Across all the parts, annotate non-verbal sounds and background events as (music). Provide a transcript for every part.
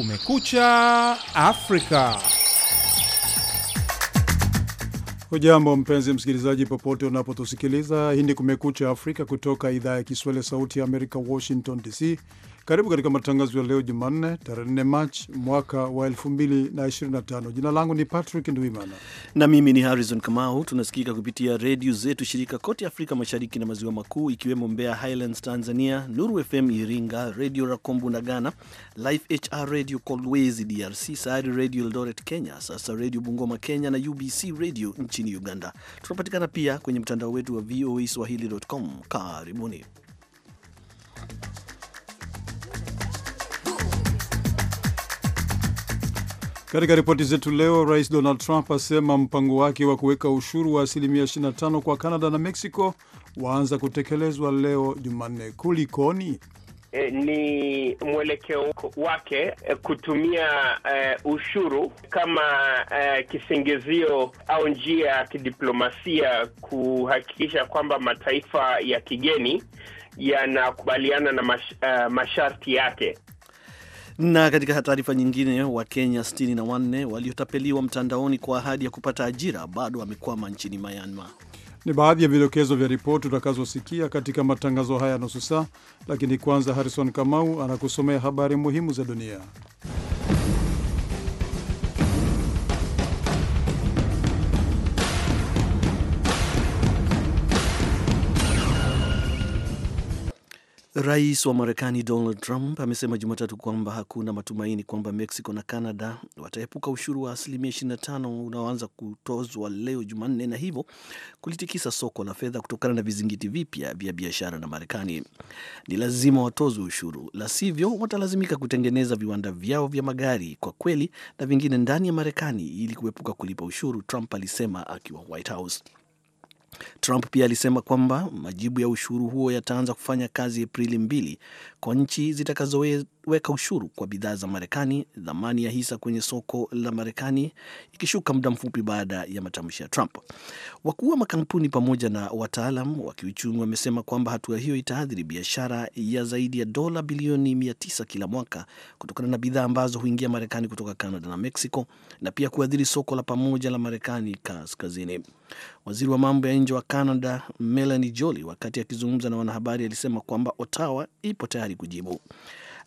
Kumekucha Afrika. Hujambo mpenzi msikilizaji, popote unapotusikiliza. Hii ni Kumekucha Afrika kutoka idhaa ya Kiswahili, Sauti ya Amerika, Washington DC. Karibu katika matangazo ya leo Jumanne, tarehe 4 Machi mwaka wa 2025. Jina langu ni Patrick Ndwimana na mimi ni Harrison Kamau. Tunasikika kupitia redio zetu shirika kote Afrika Mashariki na Maziwa Makuu, ikiwemo Mbeya Highlands Tanzania, Nuru FM Iringa, Redio Rakombu na Ghana, Life HR Radio Kolwezi DRC, Sayari Radio Eldoret Kenya, Sasa Redio Bungoma Kenya na UBC Radio nchini Uganda. Tunapatikana pia kwenye mtandao wetu wa voa swahili.com. Karibuni. Katika ripoti zetu leo, Rais Donald Trump asema mpango wake wa kuweka ushuru wa asilimia 25 kwa Canada na Mexico waanza kutekelezwa leo Jumanne. Kulikoni? E, ni mwelekeo wake eh, kutumia e, ushuru kama e, kisingizio au njia ya kidiplomasia kuhakikisha kwamba mataifa ya kigeni yanakubaliana na mash, e, masharti yake. Na katika taarifa nyingine, Wakenya 64 waliotapeliwa mtandaoni kwa ahadi ya kupata ajira bado wamekwama nchini Myanmar. Ni baadhi ya vidokezo vya ripoti utakazosikia katika matangazo haya nusu saa, lakini kwanza, Harrison Kamau anakusomea habari muhimu za dunia. Rais wa Marekani Donald Trump amesema Jumatatu kwamba hakuna matumaini kwamba Mexico na Canada wataepuka ushuru wa asilimia 25 unaoanza kutozwa leo Jumanne, na hivyo kulitikisa soko la fedha kutokana na vizingiti vipya vya biashara na Marekani. Ni lazima watozwe ushuru, la sivyo watalazimika kutengeneza viwanda vyao vya magari kwa kweli na vingine ndani ya Marekani ili kuepuka kulipa ushuru, Trump alisema akiwa White House. Trump pia alisema kwamba majibu ya ushuru huo yataanza kufanya kazi Aprili mbili kwa nchi zitakazoweza kuweka ushuru kwa bidhaa za Marekani, thamani ya hisa kwenye soko la Marekani ikishuka muda mfupi baada ya matamshi ya Trump. Wakuu wa makampuni pamoja na wataalam wa kiuchumi wamesema kwamba hatua hiyo itaathiri biashara ya zaidi ya dola bilioni 900 kila mwaka kutokana na bidhaa ambazo huingia Marekani kutoka Canada na Mexico na pia kuathiri soko la pamoja la Marekani kaskazini. Waziri wa mambo ya nje wa Canada Melanie Joly, wakati akizungumza na wanahabari, alisema kwamba Ottawa ipo tayari kujibu.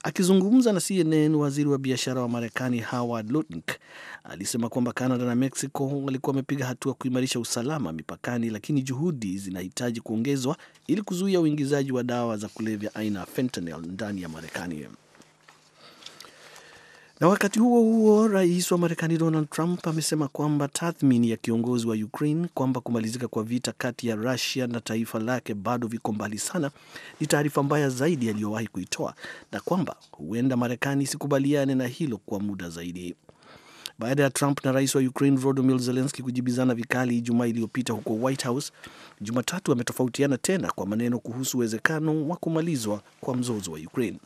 Akizungumza na CNN, waziri wa biashara wa Marekani Howard Lutnick alisema kwamba Canada na Mexico walikuwa wamepiga hatua kuimarisha usalama mipakani, lakini juhudi zinahitaji kuongezwa ili kuzuia uingizaji wa dawa za kulevya aina ya fentanyl ndani ya Marekani. Na wakati huo huo, rais wa Marekani Donald Trump amesema kwamba tathmini ya kiongozi wa Ukraine kwamba kumalizika kwa vita kati ya rasia na taifa lake bado viko mbali sana ni taarifa mbaya zaidi aliyowahi kuitoa na kwamba huenda Marekani isikubaliane na hilo kwa muda zaidi. Baada ya Trump na rais wa Ukraine Volodymyr Zelensky kujibizana vikali Ijumaa iliyopita huko White House, Jumatatu ametofautiana tena kwa maneno kuhusu uwezekano wa kumalizwa kwa mzozo wa Ukraine.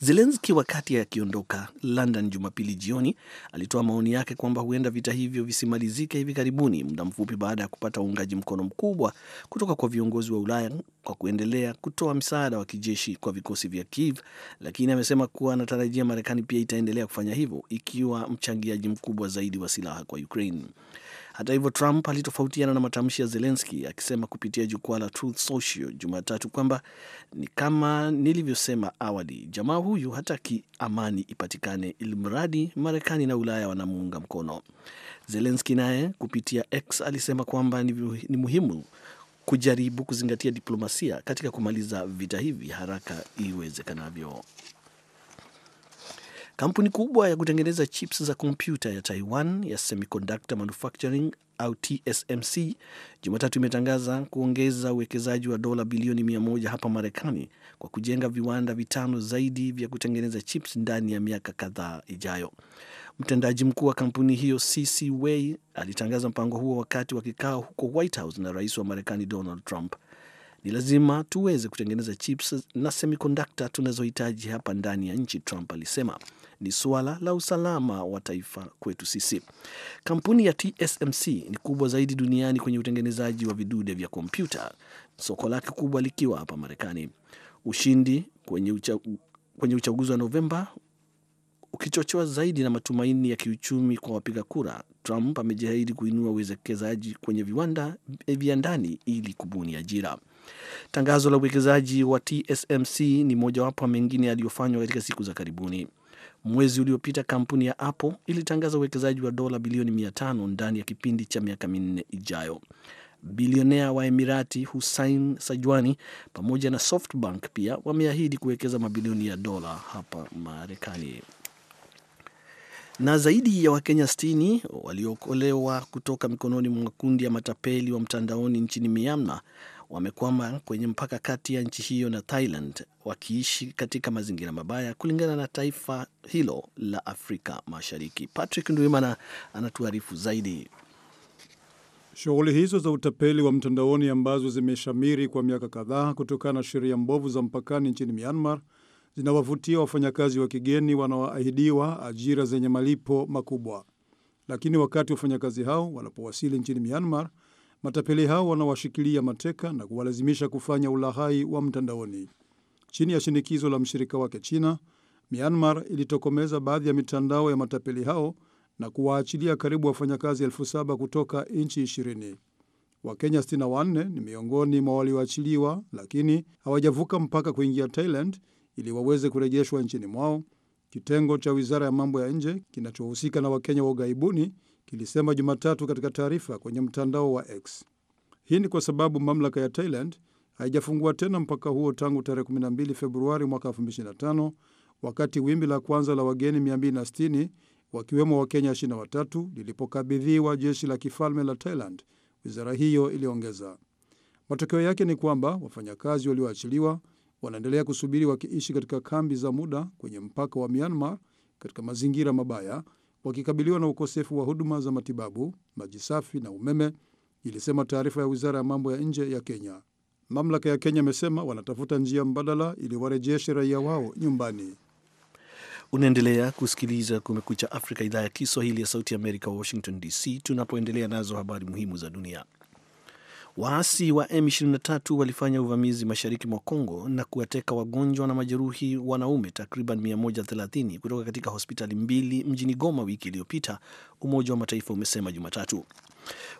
Zelenski wakati akiondoka London Jumapili jioni alitoa maoni yake kwamba huenda vita hivyo visimalizike hivi karibuni, muda mfupi baada ya kupata uungaji mkono mkubwa kutoka kwa viongozi wa Ulaya kwa kuendelea kutoa msaada wa kijeshi kwa vikosi vya Kiev, lakini amesema kuwa anatarajia Marekani pia itaendelea kufanya hivyo ikiwa mchangiaji mkubwa zaidi wa silaha kwa Ukraine. Hata hivyo, Trump alitofautiana na matamshi ya Zelenski akisema kupitia jukwaa la Truth Social Jumatatu kwamba ni kama nilivyosema awali, jamaa huyu hataki amani ipatikane, ili mradi Marekani na Ulaya wanamuunga mkono. Zelenski naye kupitia X alisema kwamba ni muhimu kujaribu kuzingatia diplomasia katika kumaliza vita hivi haraka iwezekanavyo. Kampuni kubwa ya kutengeneza chips za kompyuta ya Taiwan ya Semiconductor Manufacturing au TSMC Jumatatu imetangaza kuongeza uwekezaji wa dola bilioni mia moja hapa Marekani kwa kujenga viwanda vitano zaidi vya kutengeneza chips ndani ya miaka kadhaa ijayo. Mtendaji mkuu wa kampuni hiyo CC Wei alitangaza mpango huo wakati wa kikao huko White House na rais wa Marekani Donald Trump. Ni lazima tuweze kutengeneza chips na semiconductor tunazohitaji hapa ndani ya nchi, Trump alisema ni suala la usalama wa taifa kwetu sisi. Kampuni ya TSMC ni kubwa zaidi duniani kwenye utengenezaji wa vidude vya kompyuta, soko lake kubwa likiwa hapa Marekani. Ushindi kwenye, ucha, kwenye uchaguzi wa Novemba ukichochewa zaidi na matumaini ya kiuchumi kwa wapiga kura, Trump amejiahidi kuinua uwekezaji kwenye viwanda vya ndani ili kubuni ajira. Tangazo la uwekezaji wa TSMC ni mojawapo mengine yaliyofanywa katika siku za karibuni. Mwezi uliopita kampuni ya Apple ilitangaza uwekezaji wa dola bilioni mia tano ndani ya kipindi cha miaka minne ijayo. Bilionea wa Emirati Hussein Sajwani pamoja na SoftBank pia wameahidi kuwekeza mabilioni ya dola hapa Marekani. Na zaidi ya Wakenya 60 waliokolewa kutoka mikononi mwa makundi ya matapeli wa mtandaoni nchini Myanmar wamekwama kwenye mpaka kati ya nchi hiyo na Thailand, wakiishi katika mazingira mabaya, kulingana na taifa hilo la Afrika Mashariki. Patrick Ndwimana anatuarifu zaidi. Shughuli hizo za utapeli wa mtandaoni ambazo zimeshamiri kwa miaka kadhaa kutokana na sheria mbovu za mpakani nchini Myanmar zinawavutia wafanyakazi wa kigeni wanaoahidiwa ajira zenye malipo makubwa, lakini wakati wafanyakazi hao wanapowasili nchini Myanmar matapeli hao wanawashikilia mateka na kuwalazimisha kufanya ulahai wa mtandaoni. Chini ya shinikizo la mshirika wake China, Myanmar ilitokomeza baadhi ya mitandao ya matapeli hao na kuwaachilia karibu wafanyakazi elfu saba kutoka nchi ishirini. Wakenya 64 ni miongoni mwa walioachiliwa, lakini hawajavuka mpaka kuingia Thailand ili waweze kurejeshwa nchini mwao. Kitengo cha wizara ya mambo ya nje kinachohusika na Wakenya wa ughaibuni kilisema Jumatatu katika taarifa kwenye mtandao wa X. Hii ni kwa sababu mamlaka ya Thailand haijafungua tena mpaka huo tangu tarehe 12 Februari mwaka 2025 wakati wimbi la kwanza la wageni 260 wakiwemo Wakenya 23 lilipokabidhiwa jeshi la kifalme la Thailand, wizara hiyo iliongeza. Matokeo yake ni kwamba wafanyakazi walioachiliwa wanaendelea kusubiri wakiishi katika kambi za muda kwenye mpaka wa Myanmar katika mazingira mabaya wakikabiliwa na ukosefu wa huduma za matibabu, maji safi na umeme, ilisema taarifa ya wizara ya mambo ya nje ya Kenya. Mamlaka ya Kenya imesema wanatafuta njia mbadala ili warejeshe raia wao nyumbani. Unaendelea kusikiliza Kumekucha Afrika, idhaa ya Kiswahili ya Sauti ya Amerika, Washington DC, tunapoendelea nazo habari muhimu za dunia. Waasi wa M23 walifanya uvamizi mashariki mwa congo na kuwateka wagonjwa na majeruhi wanaume takriban 130 kutoka katika hospitali mbili mjini Goma wiki iliyopita, Umoja wa Mataifa umesema Jumatatu.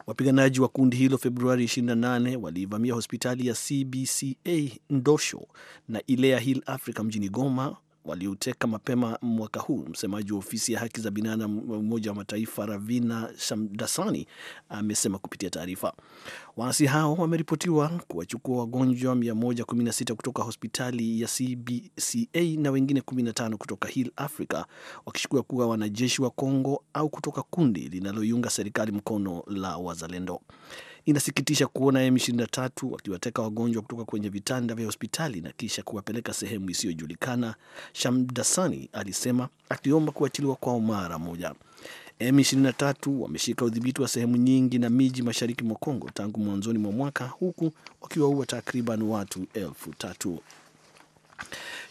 Wapiganaji wa kundi hilo Februari 28 waliivamia hospitali ya CBCA Ndosho na ile ya Hill Africa mjini Goma walioteka mapema mwaka huu. Msemaji wa ofisi ya haki za binadamu wa Umoja wa Mataifa Ravina Shamdasani amesema kupitia taarifa, waasi hao wameripotiwa kuwachukua wagonjwa 116 kutoka hospitali ya CBCA na wengine 15 kutoka Hill Africa, wakishukua kuwa wanajeshi wa Kongo au kutoka kundi linaloiunga serikali mkono la Wazalendo. Inasikitisha kuona M23 wakiwateka wagonjwa kutoka kwenye vitanda vya hospitali na kisha kuwapeleka sehemu isiyojulikana, Shamdasani alisema akiomba kuachiliwa kwao mara moja. M23 wameshika udhibiti wa sehemu nyingi na miji mashariki mwa Kongo tangu mwanzoni mwa mwaka huku wakiwaua takriban watu elfu tatu.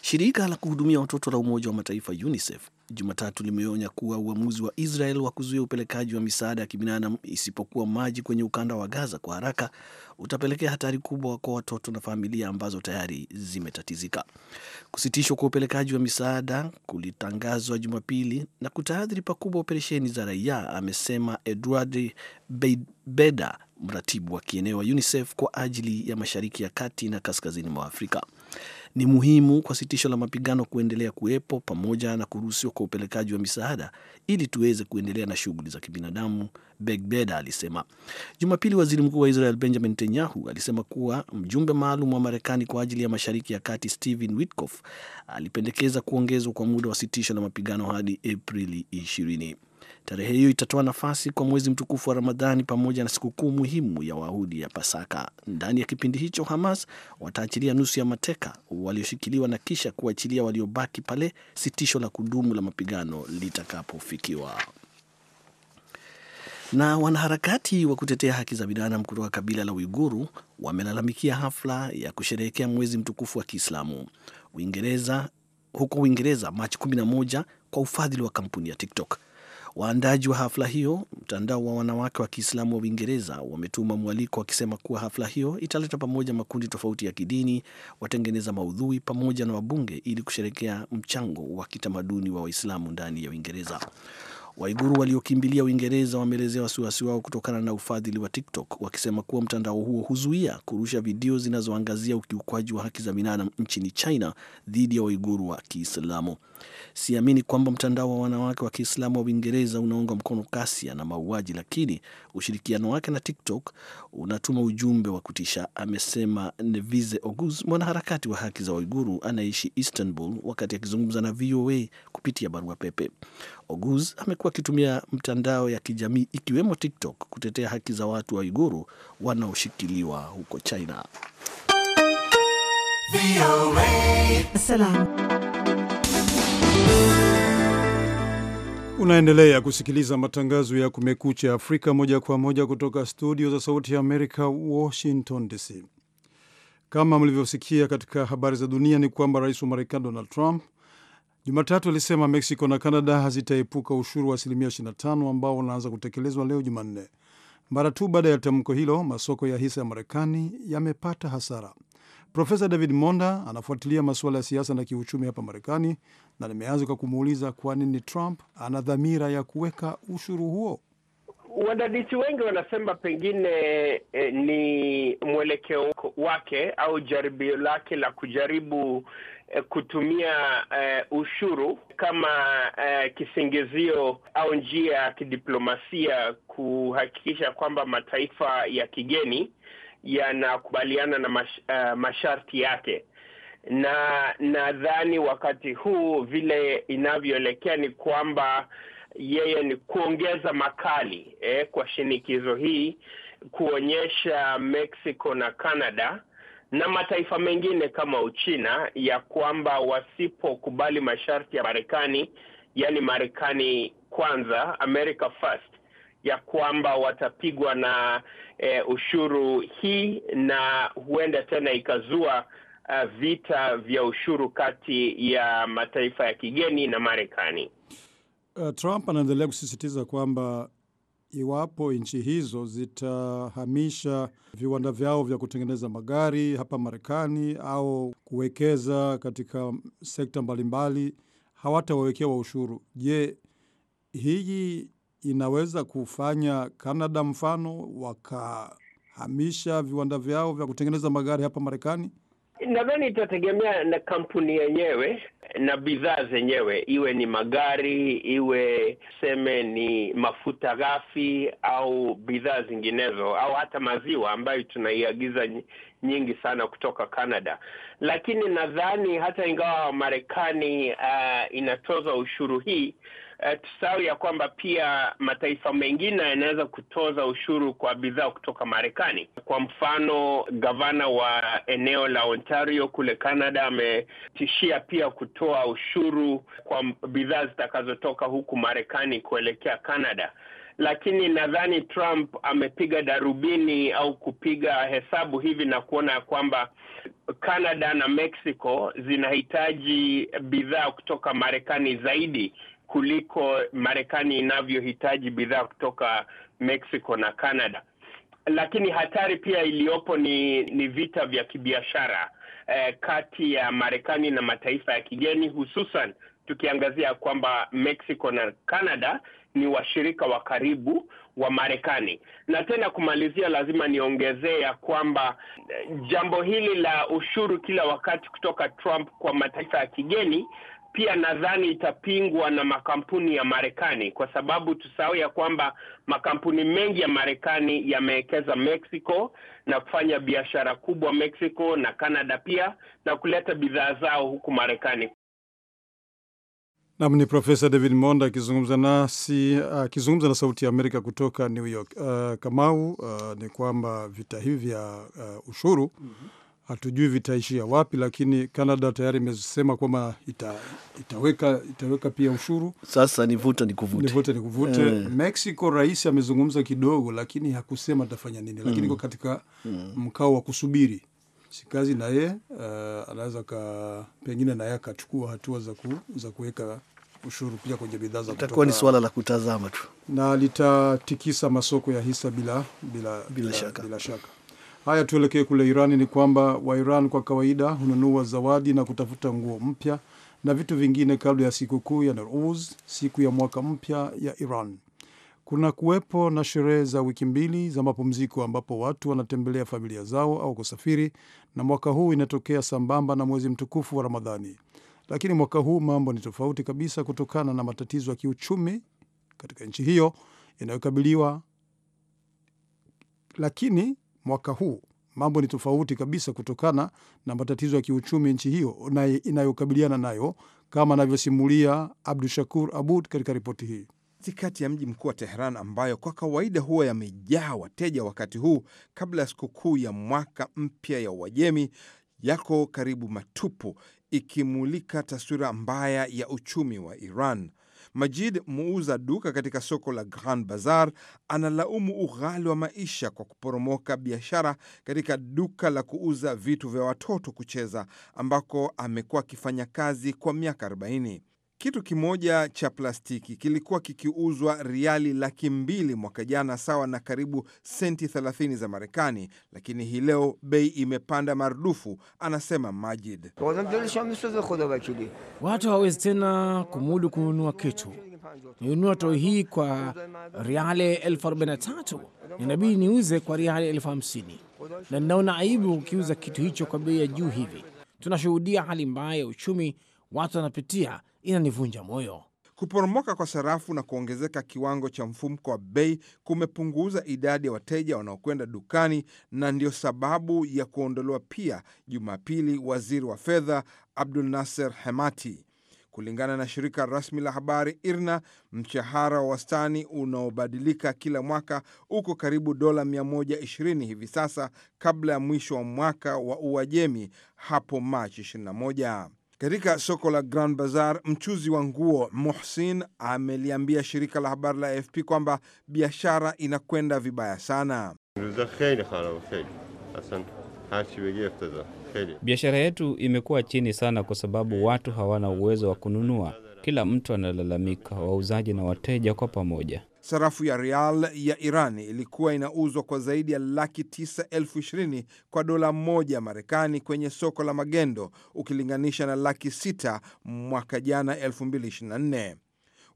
Shirika la kuhudumia watoto la Umoja wa Mataifa UNICEF Jumatatu limeonya kuwa uamuzi wa Israel wa kuzuia upelekaji wa misaada ya kibinadamu isipokuwa maji kwenye ukanda wa Gaza kwa haraka utapelekea hatari kubwa kwa watoto na familia ambazo tayari zimetatizika. Kusitishwa kwa upelekaji wa misaada kulitangazwa Jumapili na kutaathiri pakubwa operesheni za raia, amesema Edward Beda, mratibu wa kieneo wa UNICEF kwa ajili ya mashariki ya kati na kaskazini mwa Afrika ni muhimu kwa sitisho la mapigano kuendelea kuwepo pamoja na kuruhusiwa kwa upelekaji wa misaada ili tuweze kuendelea na shughuli za kibinadamu, Begbeda alisema Jumapili. Waziri mkuu wa Israel Benjamin Netanyahu alisema kuwa mjumbe maalum wa Marekani kwa ajili ya mashariki ya kati Stephen Witkoff alipendekeza kuongezwa kwa muda wa sitisho la mapigano hadi Aprili ishirini Tarehe hiyo itatoa nafasi kwa mwezi mtukufu wa Ramadhani pamoja na sikukuu muhimu ya Wayahudi ya Pasaka. Ndani ya kipindi hicho, Hamas wataachilia nusu ya mateka walioshikiliwa na kisha kuachilia waliobaki pale sitisho la kudumu la mapigano litakapofikiwa. Na wanaharakati wa kutetea haki za binadamu kutoka kabila la Uiguru wamelalamikia hafla ya kusherehekea mwezi mtukufu wa Kiislamu Uingereza, huko Uingereza Machi 11 kwa ufadhili wa kampuni ya TikTok. Waandaji wa hafla hiyo, mtandao wa wanawake wa Kiislamu wa Uingereza, wametuma mwaliko wakisema kuwa hafla hiyo italeta pamoja makundi tofauti ya kidini, watengeneza maudhui pamoja na wabunge ili kusherekea mchango wa kitamaduni wa Waislamu ndani ya Uingereza. Waiguru waliokimbilia Uingereza wameelezea wasiwasi wao kutokana na ufadhili wa TikTok wakisema kuwa mtandao huo huzuia kurusha video zinazoangazia ukiukwaji wa haki za binadamu nchini China dhidi ya Waiguru wa Kiislamu. Siamini kwamba mtandao wa wanawake wa Kiislamu wa Uingereza unaunga mkono kasia na mauaji, lakini ushirikiano wake na TikTok unatuma ujumbe wa kutisha, amesema Nevise Oguz, mwanaharakati wa haki za Waiguru anayeishi Istanbul, wakati akizungumza na VOA kupitia barua pepe. Oguz amekuwa akitumia mtandao ya kijamii ikiwemo TikTok kutetea haki za watu wa Uiguru wanaoshikiliwa huko China. Unaendelea kusikiliza matangazo ya Kumekucha Afrika moja kwa moja kutoka studio za Sauti ya Amerika, Washington DC. Kama mlivyosikia katika habari za dunia, ni kwamba rais wa Marekani Donald Trump Jumatatu alisema Mexico na Canada hazitaepuka ushuru wa asilimia 25 ambao unaanza kutekelezwa leo Jumanne. Mara tu baada ya tamko hilo, masoko ya hisa ya Marekani yamepata hasara. Profesa David Monda anafuatilia masuala ya siasa na kiuchumi hapa Marekani, na nimeanza kwa kumuuliza kwa nini Trump ana dhamira ya kuweka ushuru huo. Wadadisi wengi wanasema pengine eh, ni mwelekeo wake au jaribio lake la kujaribu Eh, kutumia uh, ushuru kama uh, kisingizio au njia ya kidiplomasia kuhakikisha kwamba mataifa ya kigeni yanakubaliana na mash, uh, masharti yake na nadhani wakati huu vile inavyoelekea ni kwamba yeye ni kuongeza makali eh, kwa shinikizo hii kuonyesha Mexico na Canada na mataifa mengine kama Uchina ya kwamba wasipokubali masharti ya Marekani, yani Marekani kwanza, America first, ya kwamba watapigwa na eh, ushuru hii na huenda tena ikazua uh, vita vya ushuru kati ya mataifa ya kigeni na Marekani. Uh, Trump anaendelea kusisitiza kwamba iwapo nchi hizo zitahamisha viwanda vyao vya kutengeneza magari hapa Marekani au kuwekeza katika sekta mbalimbali, hawatawawekewa ushuru. Je, hii inaweza kufanya Kanada mfano wakahamisha viwanda vyao vya kutengeneza magari hapa Marekani? Nadhani itategemea na kampuni yenyewe na bidhaa zenyewe, iwe ni magari, iwe seme ni mafuta ghafi au bidhaa zinginezo, au hata maziwa ambayo tunaiagiza nyingi sana kutoka Canada. Lakini nadhani hata ingawa Marekani uh, inatoza ushuru hii Eh, tusahau ya kwamba pia mataifa mengine yanaweza kutoza ushuru kwa bidhaa kutoka Marekani. Kwa mfano, gavana wa eneo la Ontario kule Canada ametishia pia kutoa ushuru kwa bidhaa zitakazotoka huku Marekani kuelekea Canada lakini nadhani Trump amepiga darubini au kupiga hesabu hivi na kuona ya kwamba Canada na Mexico zinahitaji bidhaa kutoka Marekani zaidi kuliko Marekani inavyohitaji bidhaa kutoka Mexico na Canada. Lakini hatari pia iliyopo ni, ni vita vya kibiashara eh, kati ya Marekani na mataifa ya kigeni hususan tukiangazia kwamba Mexico na Canada ni washirika wa karibu wa Marekani. Na tena kumalizia, lazima niongezee ya kwamba eh, jambo hili la ushuru kila wakati kutoka Trump kwa mataifa ya kigeni pia nadhani itapingwa na makampuni ya Marekani kwa sababu tusahau ya kwamba makampuni mengi ya Marekani yamewekeza Mexico na kufanya biashara kubwa Mexico na Canada pia na kuleta bidhaa zao huku Marekani. Nam ni Profesa David Monda akizungumza nasi akizungumza na Sauti ya Amerika kutoka New York. Uh, Kamau, uh, ni kwamba vita hivi vya uh, ushuru mm -hmm hatujui vitaishia wapi, lakini Canada tayari imesema kwamba ita, itaweka, itaweka pia ushuru. Sasa nivuta nikuvute, nivuta nikuvute. E. Eh. Mexico rais amezungumza kidogo, lakini hakusema atafanya nini, lakini mm. iko mm. katika mm. mkao wa kusubiri si na naye uh, eh, anaweza ka pengine naye akachukua hatua za, ku, za kuweka ushuru pia kwenye bidhaa za kutoka. Ni swala la kutazama tu na litatikisa masoko ya hisa bila, bila, bila, bila shaka, bila shaka. Haya, tuelekee kule Irani. Ni kwamba Wairan kwa kawaida hununua zawadi na kutafuta nguo mpya na vitu vingine kabla ya sikukuu ya Nowruz, siku ya mwaka mpya ya Iran. Kuna kuwepo na sherehe za wiki mbili za mapumziko ambapo watu wanatembelea familia zao au kusafiri, na mwaka huu inatokea sambamba na mwezi mtukufu wa Ramadhani. Lakini mwaka huu mambo ni tofauti kabisa kutokana na matatizo ya kiuchumi katika nchi hiyo inayokabiliwa lakini mwaka huu mambo ni tofauti kabisa kutokana na matatizo ya kiuchumi nchi hiyo inayokabiliana nayo, kama anavyosimulia Abdu Shakur Abud katika ripoti hii. Katikati ya mji mkuu wa Teheran, ambayo kwa kawaida huwa yamejaa wateja wakati huu kabla ya sikukuu ya mwaka mpya ya Uajemi, yako karibu matupu, ikimulika taswira mbaya ya uchumi wa Iran. Majid, muuza duka katika soko la Grand Bazar, analaumu ughali wa maisha kwa kuporomoka biashara katika duka la kuuza vitu vya watoto kucheza ambako amekuwa akifanya kazi kwa miaka 40. Kitu kimoja cha plastiki kilikuwa kikiuzwa riali laki mbili mwaka jana, sawa na karibu senti 30 za Marekani, lakini hii leo bei imepanda marudufu, anasema Majid. Watu hawawezi tena kumudu kununua kitu. ninunua toi hii kwa riale elfu arobaini na tatu inabidi niuze kwa riale elfu hamsini na ninaona aibu kukiuza kitu hicho kwa bei ya juu hivi. Tunashuhudia hali mbaya ya uchumi watu wanapitia inanivunja moyo. Kuporomoka kwa sarafu na kuongezeka kiwango cha mfumko wa bei kumepunguza idadi ya wateja wanaokwenda dukani na ndio sababu ya kuondolewa pia Jumapili waziri wa fedha Abdul Nasser Hemati. Kulingana na shirika rasmi la habari IRNA, mshahara wa wastani unaobadilika kila mwaka uko karibu dola 120 hivi sasa, kabla ya mwisho wa mwaka wa Uajemi hapo Machi 21. Katika soko la Grand Bazar, mchuzi wa nguo Muhsin ameliambia shirika la habari la AFP kwamba biashara inakwenda vibaya sana. Biashara yetu imekuwa chini sana kwa sababu watu hawana uwezo wa kununua. Kila mtu analalamika, wauzaji na wateja kwa pamoja. Sarafu ya rial ya iran ilikuwa inauzwa kwa zaidi ya laki tisa elfu ishirini kwa dola moja ya Marekani kwenye soko la magendo ukilinganisha na laki sita mwaka jana 2024.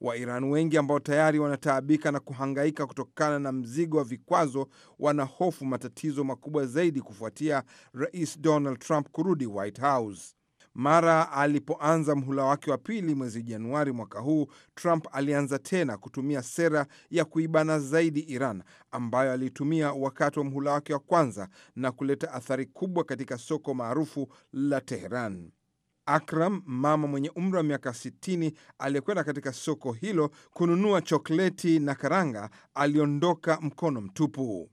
wairan wengi ambao tayari wanataabika na kuhangaika kutokana na mzigo wa vikwazo wanahofu matatizo makubwa zaidi kufuatia Rais Donald Trump kurudi White House. Mara alipoanza mhula wake wa pili mwezi Januari mwaka huu, Trump alianza tena kutumia sera ya kuibana zaidi Iran ambayo alitumia wakati wa mhula wake wa kwanza na kuleta athari kubwa katika soko maarufu la Teheran. Akram, mama mwenye umri wa miaka 60, aliyekwenda katika soko hilo kununua chokleti na karanga, aliondoka mkono mtupu.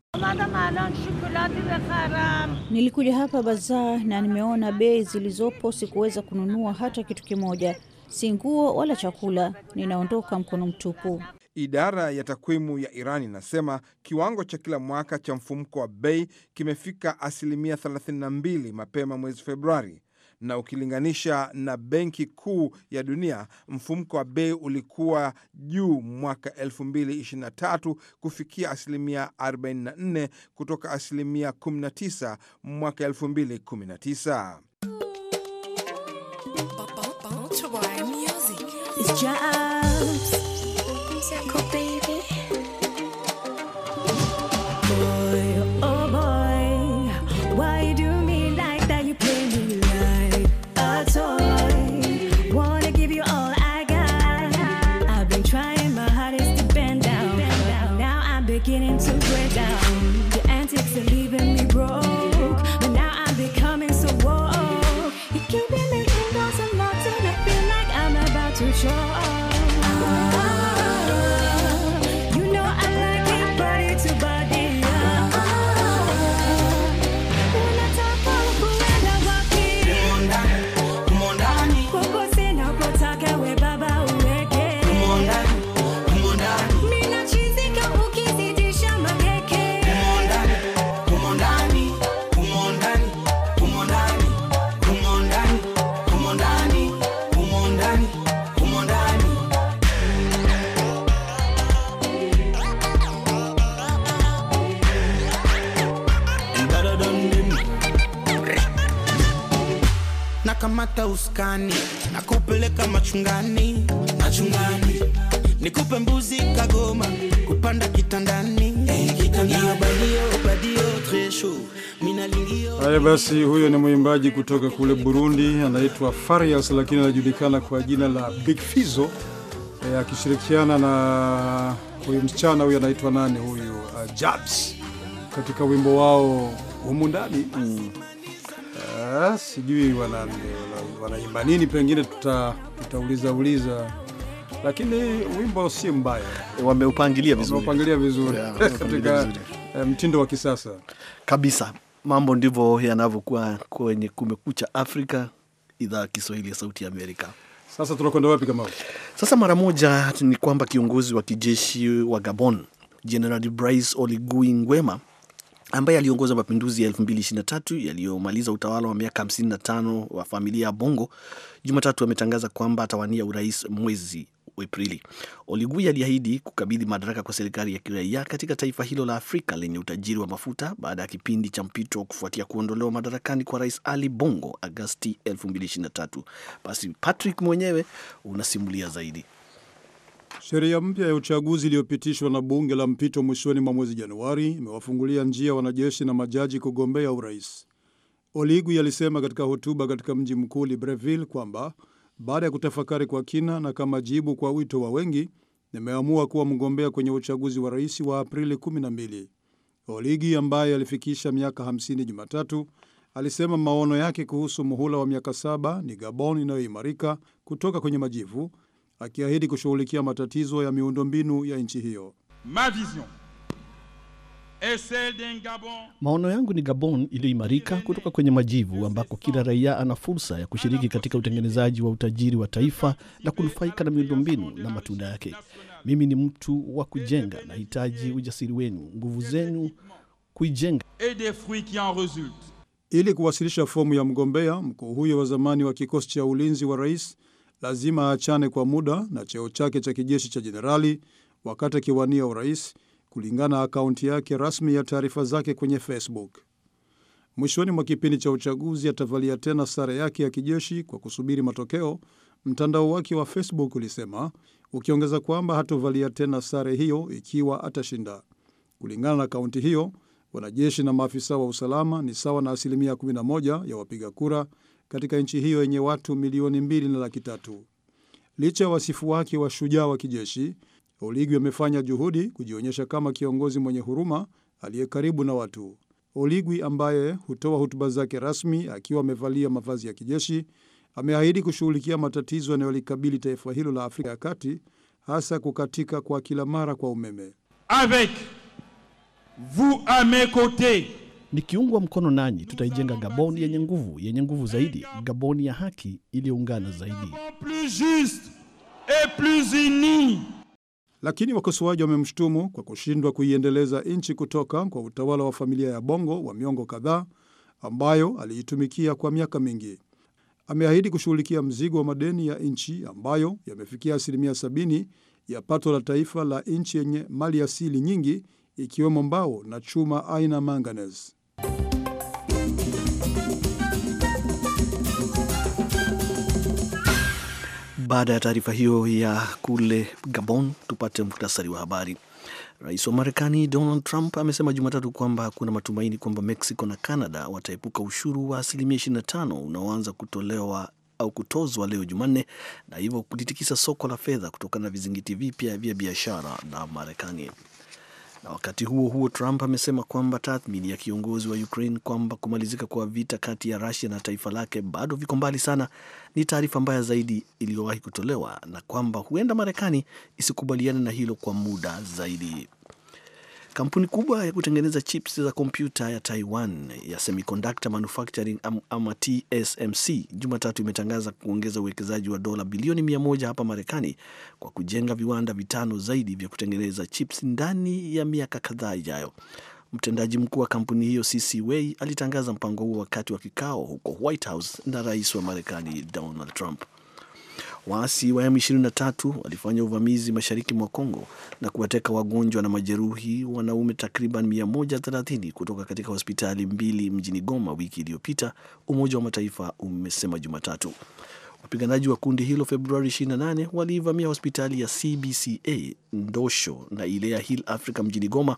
Nilikuja hapa bazaa na nimeona bei zilizopo, sikuweza kununua hata kitu kimoja, si nguo wala chakula. Ninaondoka mkono mtupu. Idara ya takwimu ya Iran inasema kiwango cha kila mwaka cha mfumko wa bei kimefika asilimia 32 mapema mwezi Februari na ukilinganisha na Benki Kuu ya Dunia, mfumko wa bei ulikuwa juu mwaka 2023 kufikia asilimia 44 kutoka asilimia 19 mwaka 2019. uskani, nakupeleka machungani, machungani, nikupe mbuzi Kagoma, kupanda kitandani, hey, eh, Badio, badio, tresho, Haya basi, huyo ni mwimbaji kutoka kule Burundi, anaitwa Farias lakini anajulikana kwa jina la Big Fizo e, akishirikiana na huyu msichana huyu anaitwa nani huyu, uh, Jabs katika wimbo wao humu ndani mm sijui wanaimba wana, wana nini, pengine tutauliza uliza, lakini wimbo si mbaya, wameupangilia vizuri, wameupangilia vizuri (laughs) katika eh, mtindo wa kisasa kabisa. Mambo ndivyo yanavyokuwa kwenye Kumekucha Afrika, idhaa ya Kiswahili ya Sauti Amerika. Sasa tunakwenda wapi kama sasa? Mara moja ni kwamba kiongozi wa kijeshi wa Gabon General Brice Oligui ngwema ambaye aliongoza mapinduzi ya 2023 yaliyomaliza utawala wa miaka 55 wa familia ya Bongo, Jumatatu ametangaza kwamba atawania urais mwezi Aprili. Oligui aliahidi kukabidhi madaraka kwa serikali ya kiraia katika taifa hilo la Afrika lenye utajiri wa mafuta baada ya kipindi cha mpito kufuatia kuondolewa madarakani kwa Rais Ali Bongo Agasti 2023. Basi Patrick mwenyewe unasimulia zaidi. Sheria mpya ya uchaguzi iliyopitishwa na bunge la mpito mwishoni mwa mwezi Januari imewafungulia njia wanajeshi na majaji kugombea urais. Oligui alisema katika hotuba katika mji mkuu Libreville kwamba baada ya kutafakari kwa kina na kama jibu kwa wito wa wengi, nimeamua kuwa mgombea kwenye uchaguzi wa rais wa Aprili 12. Oligi ambaye alifikisha miaka 50 Jumatatu alisema maono yake kuhusu muhula wa miaka saba ni Gabon inayoimarika kutoka kwenye majivu akiahidi kushughulikia matatizo ya miundombinu ya nchi hiyo. Ma vision Maono yangu ni Gabon iliyoimarika kutoka kwenye majivu, ambako kila raia ana fursa ya kushiriki katika utengenezaji wa utajiri wa taifa na kunufaika na miundombinu na matunda yake. Mimi ni mtu wa kujenga, nahitaji ujasiri wenu, nguvu zenu kuijenga. Ili kuwasilisha fomu ya mgombea, mkuu huyo wa zamani wa kikosi cha ulinzi wa rais lazima aachane kwa muda na cheo chake cha kijeshi cha jenerali wakati akiwania urais, kulingana na akaunti yake rasmi ya taarifa zake kwenye Facebook. Mwishoni mwa kipindi cha uchaguzi atavalia tena sare yake ya kijeshi kwa kusubiri matokeo, mtandao wake wa Facebook ulisema, ukiongeza kwamba hatovalia tena sare hiyo ikiwa atashinda. Kulingana na akaunti hiyo, wanajeshi na maafisa wa usalama ni sawa na asilimia 11 ya wapiga kura katika nchi hiyo yenye watu milioni mbili na laki tatu. Licha ya wasifu wake wa shujaa wa kijeshi, Oligwi amefanya juhudi kujionyesha kama kiongozi mwenye huruma aliye karibu na watu. Oligwi ambaye hutoa hutuba zake rasmi akiwa amevalia mavazi ya kijeshi ameahidi kushughulikia matatizo yanayolikabili taifa hilo la Afrika ya Kati, hasa kukatika kwa kila mara kwa umeme. avec vous mes côtés Nikiungwa mkono nanyi, tutaijenga Gaboni yenye nguvu, yenye nguvu zaidi, Gaboni ya haki iliyoungana zaidi. Lakini wakosoaji wamemshutumu kwa kushindwa kuiendeleza nchi kutoka kwa utawala wa familia ya Bongo wa miongo kadhaa ambayo aliitumikia kwa miaka mingi. Ameahidi kushughulikia mzigo wa madeni ya nchi ambayo yamefikia asilimia sabini ya pato la taifa la nchi yenye mali asili nyingi ikiwemo mbao na chuma aina manganese. Baada ya taarifa hiyo ya kule Gabon, tupate muktasari wa habari. Rais wa Marekani Donald Trump amesema Jumatatu kwamba kuna matumaini kwamba Mexico na Canada wataepuka ushuru wa asilimia 25 unaoanza kutolewa au kutozwa leo Jumanne, na hivyo kulitikisa soko la fedha kutokana na vizingiti vipya vya biashara na Marekani. Na wakati huo huo, Trump amesema kwamba tathmini ya kiongozi wa Ukraine kwamba kumalizika kwa vita kati ya rasia na taifa lake bado viko mbali sana ni taarifa mbaya zaidi iliyowahi kutolewa na kwamba huenda Marekani isikubaliane na hilo kwa muda zaidi. Kampuni kubwa ya kutengeneza chips za kompyuta ya Taiwan ya Semiconductor Manufacturing ama TSMC Jumatatu imetangaza kuongeza uwekezaji wa dola bilioni mia moja hapa Marekani kwa kujenga viwanda vitano zaidi vya kutengeneza chips ndani ya miaka kadhaa ijayo. Mtendaji mkuu wa kampuni hiyo CC Wei alitangaza mpango huo wakati wa kikao huko White House na rais wa Marekani Donald Trump. Waasi wa M23 walifanya uvamizi mashariki mwa Kongo na kuwateka wagonjwa na majeruhi wanaume takriban 130 kutoka katika hospitali mbili mjini Goma wiki iliyopita, Umoja wa Mataifa umesema Jumatatu. Wapiganaji wa kundi hilo Februari 28 waliivamia hospitali ya CBCA Ndosho na ile ya Hill Africa mjini Goma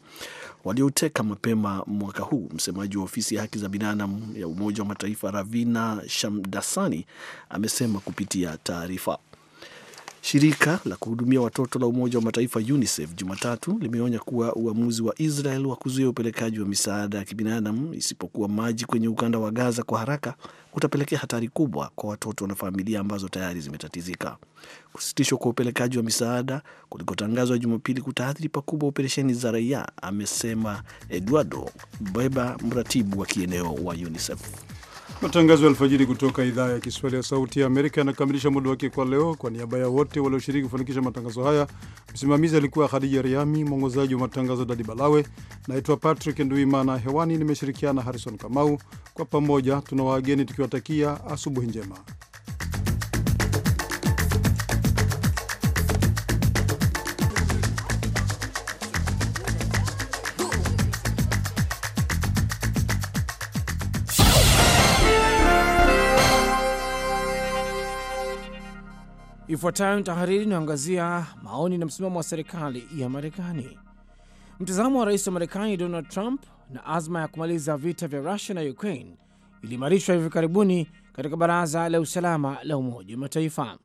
walioteka mapema mwaka huu. Msemaji wa ofisi ya haki za binadamu ya Umoja wa Mataifa Ravina Shamdasani amesema kupitia taarifa Shirika la kuhudumia watoto la Umoja wa Mataifa UNICEF Jumatatu limeonya kuwa uamuzi wa Israel wa kuzuia upelekaji wa misaada ya kibinadamu isipokuwa maji kwenye ukanda wa Gaza kwa haraka utapelekea hatari kubwa kwa watoto na familia ambazo tayari zimetatizika. Kusitishwa kwa upelekaji wa misaada kulikotangazwa Jumapili kutaathiri pakubwa operesheni za raia, amesema Eduardo Beba, mratibu wa kieneo wa UNICEF. Matangazo ya alfajiri kutoka idhaa ya Kiswahili ya Sauti ya Amerika yanakamilisha muda wake kwa leo. Kwa niaba ya wote walioshiriki kufanikisha matangazo haya, msimamizi alikuwa Khadija Riami, mwongozaji wa matangazo Dadi Balawe. Naitwa Patrick Nduimana, hewani nimeshirikiana Harrison Kamau. Kwa pamoja tuna wageni tukiwatakia asubuhi njema. Ifuatayo ni tahariri inayoangazia maoni na msimamo wa serikali ya Marekani. Mtazamo wa rais wa Marekani Donald Trump na azma ya kumaliza vita vya Rusia na Ukraine iliimarishwa hivi karibuni katika Baraza la Usalama la Umoja wa Mataifa.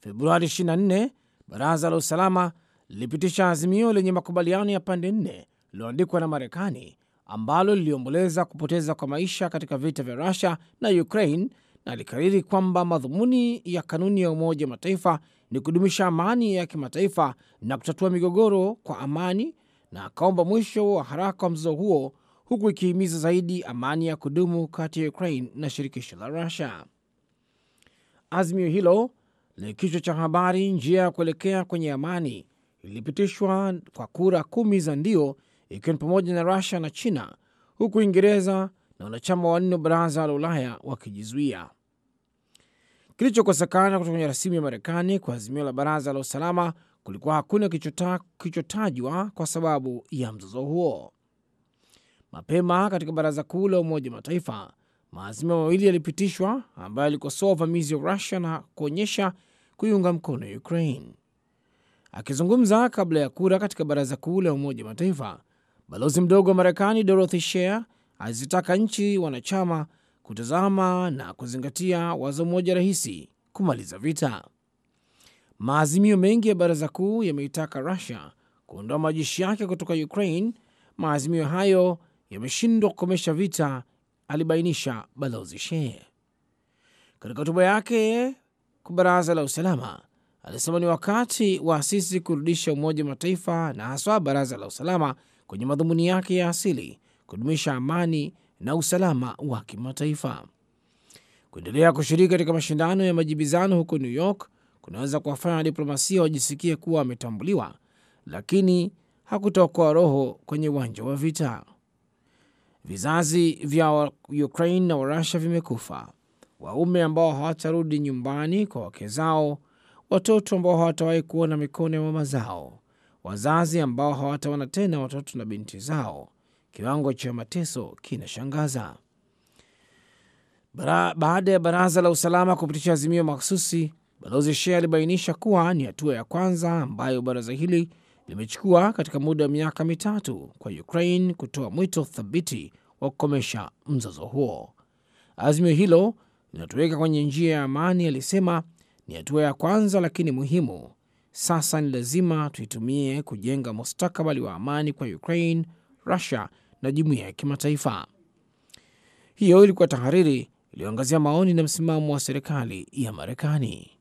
Februari 24, Baraza la Usalama lilipitisha azimio lenye makubaliano ya pande nne lililoandikwa na Marekani ambalo liliomboleza kupoteza kwa maisha katika vita vya Rusia na Ukraine na alikariri kwamba madhumuni ya kanuni ya Umoja wa Mataifa ni kudumisha amani ya kimataifa na kutatua migogoro kwa amani, na akaomba mwisho wa haraka wa mzozo huo, huku ikihimiza zaidi amani ya kudumu kati ya Ukraine na shirikisho la Rusia. Azimio hilo lenye kichwa cha habari njia ya kuelekea kwenye amani lilipitishwa kwa kura kumi za ndio, ikiwa ni pamoja na Rusia na China, huku Uingereza, na wanachama wanne wa baraza la Ulaya wakijizuia. Kilichokosekana kutoka kwenye rasimu ya Marekani kwa azimio la baraza la usalama kulikuwa hakuna kilichotajwa kwa sababu ya mzozo huo. Mapema katika baraza kuu la Umoja wa Mataifa, maazimio mawili yalipitishwa ambayo yalikosoa uvamizi wa Rusia na kuonyesha kuiunga mkono Ukraine. Akizungumza kabla ya kura katika baraza kuu la Umoja wa Mataifa, balozi mdogo wa Marekani Dorothy Shea azitaka nchi wanachama kutazama na kuzingatia wazo moja rahisi: kumaliza vita. Maazimio mengi ya baraza kuu yameitaka Rusia kuondoa majeshi yake kutoka Ukraine. Maazimio hayo yameshindwa kukomesha vita, alibainisha balozi she katika hotuba yake kwa baraza la usalama. Alisema ni wakati wa sisi kurudisha Umoja wa Mataifa na haswa baraza la usalama kwenye madhumuni yake ya asili kudumisha amani na usalama wa kimataifa. Kuendelea kushiriki katika mashindano ya majibizano huko New York kunaweza kuwafanya wadiplomasia wajisikie kuwa wametambuliwa, lakini hakutokoa roho kwenye uwanja wa vita. Vizazi vya Ukraine na Warusia vimekufa, waume ambao hawatarudi nyumbani kwa wake zao, watoto ambao hawatawahi kuona mikono ya mama zao, wazazi ambao hawataona tena watoto na binti zao, Kiwango cha mateso kinashangaza. Baada ya baraza la usalama kupitisha azimio mahususi, balozi Shea alibainisha kuwa ni hatua ya kwanza ambayo baraza hili limechukua katika muda wa miaka mitatu kwa Ukraine kutoa mwito thabiti wa kukomesha mzozo huo. Azimio hilo linatuweka kwenye njia ya amani, alisema. Ni hatua ya kwanza lakini muhimu. Sasa ni lazima tuitumie kujenga mustakabali wa amani kwa Ukraine Rusia na jumuiya ya kimataifa. Hiyo ilikuwa tahariri iliyoangazia maoni na msimamo wa serikali ya Marekani.